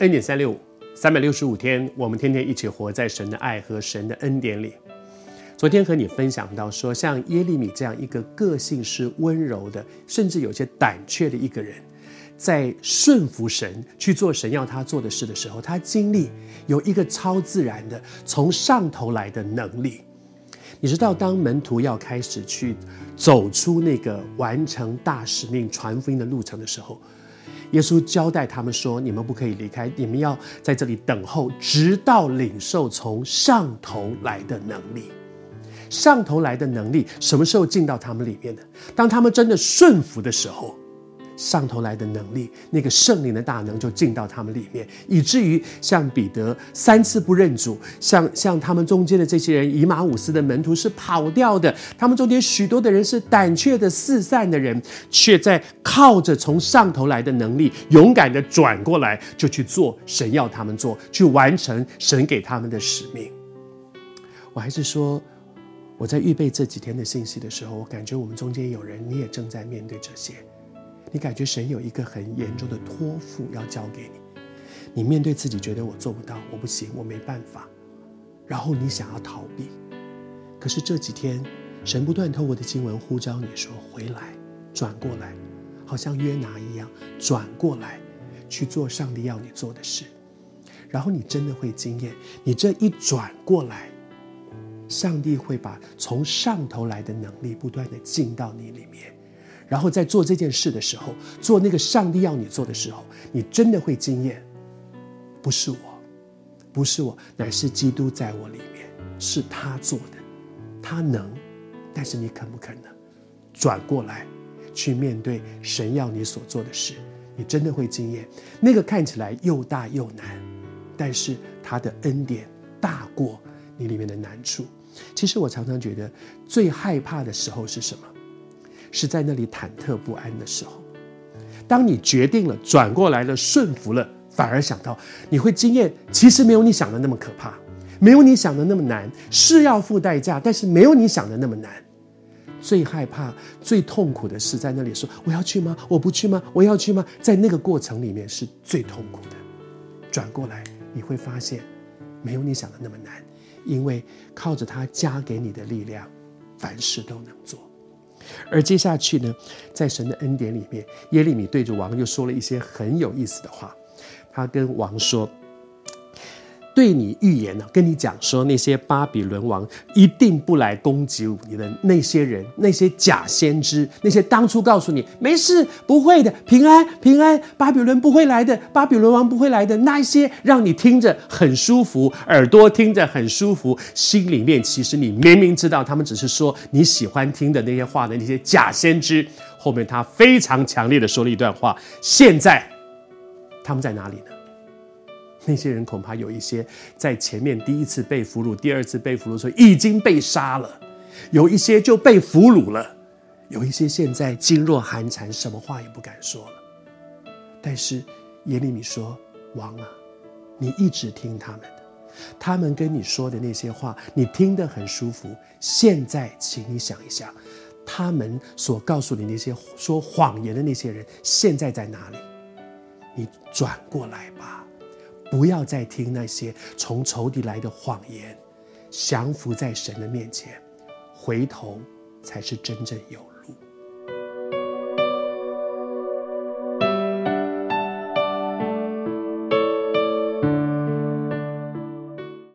恩典三六五，三百六十五天，我們天天一起活在神的愛和神的恩典裡。昨天和你分享到說，像耶利米這樣一個個性是溫柔的，甚至有些膽怯的一個人，在順服神去做神要他做的事的時候，他經歷有一個超自然的從上頭來的能力。你知道，當門徒要開始去走出那個完成大使命傳福音的路程的時候。耶穌交代他們說：“你們不可以離開，你們要在這裡等候，直到領受從上頭來的能力。上頭來的能力什麼時候進到他們裡面呢？當他們真的順服的時候。”上頭來的能力，那個聖靈的大能就進到他們裡面，以至於像彼得三次不認主，像像他們中間的這些人，以馬忤斯的門徒是跑掉的，他們中間許多的人是膽怯的四散的人，卻在靠着從上頭來的能力，勇敢的轉過來，就去做神要他們做，去完成神給他們的使命。我還是說，我在預備這幾天的信息的時候，我感覺我們中間有人，你也正在面對這些。你感覺神有一個很嚴重的托付要交給你，你面對自己覺得我做不到，我不行，我沒辦法，然後你想要逃避，可是這幾天神不斷透過的經文呼召你說，回來，轉過來，好像約拿一樣轉過來去做上帝要你做的事，然後你真的會驚豔，你這一轉過來，上帝會把從上頭來的能力不斷的進到你裡面。然後在做這件事的時候，做那個上帝要你做的時候，你真的會經驗。不是我，不是我，乃是基督在我裡面，是他做的，他能。但是你肯不肯呢？轉過來，去面對神要你所做的事，你真的會經驗。那個看起來又大又難，但是他的恩典大過你裡面的難處。其實我常常覺得，最害怕的時候是什麼？是在那裡忐忑不安的時候，當你決定了轉過來了順服了，反而想到你會驚艷。其實沒有你想的那麼可怕，沒有你想的那麼難。是要付代價，但是沒有你想的那麼難。最害怕、最痛苦的是，在那裡說：“我要去嗎？我不去嗎？我要去嗎？”在那個過程裡面是最痛苦的。轉過來，你會發現沒有你想的那麼難，因為靠着他加給你的力量，凡事都能做。而接下去呢，在神的恩典裡面，耶利米對着王又說了一些很有意思的話。他跟王說，對你預言呢、啊，跟你講說那些巴比倫王一定不來攻擊你的那些人，那些假先知，那些當初告訴你沒事不會的，平安平安，巴比倫不會來的，巴比倫王不會來的那一些，讓你聽着很舒服，耳朵聽着很舒服，心裡面其實你明明知道他們只是說你喜歡聽的那些話的那些假先知。後面他非常強烈的說了一段話，現在他們在哪裡呢？那些人恐怕有一些在前面第一次被俘虜，第二次被俘虜的時候已經被殺了，有一些就被俘虜了，有一些現在噤若寒蟬，什麼話也不敢說了。但是耶利米說：“王啊，你一直聽他們的，他們跟你說的那些話，你聽得很舒服。現在，請你想一想，他們所告訴你那些說謊言的那些人，現在在哪裡？你轉過來吧。”不要再聽那些從仇敵來的謊言，降服在神的面前，回頭，才是真正有路。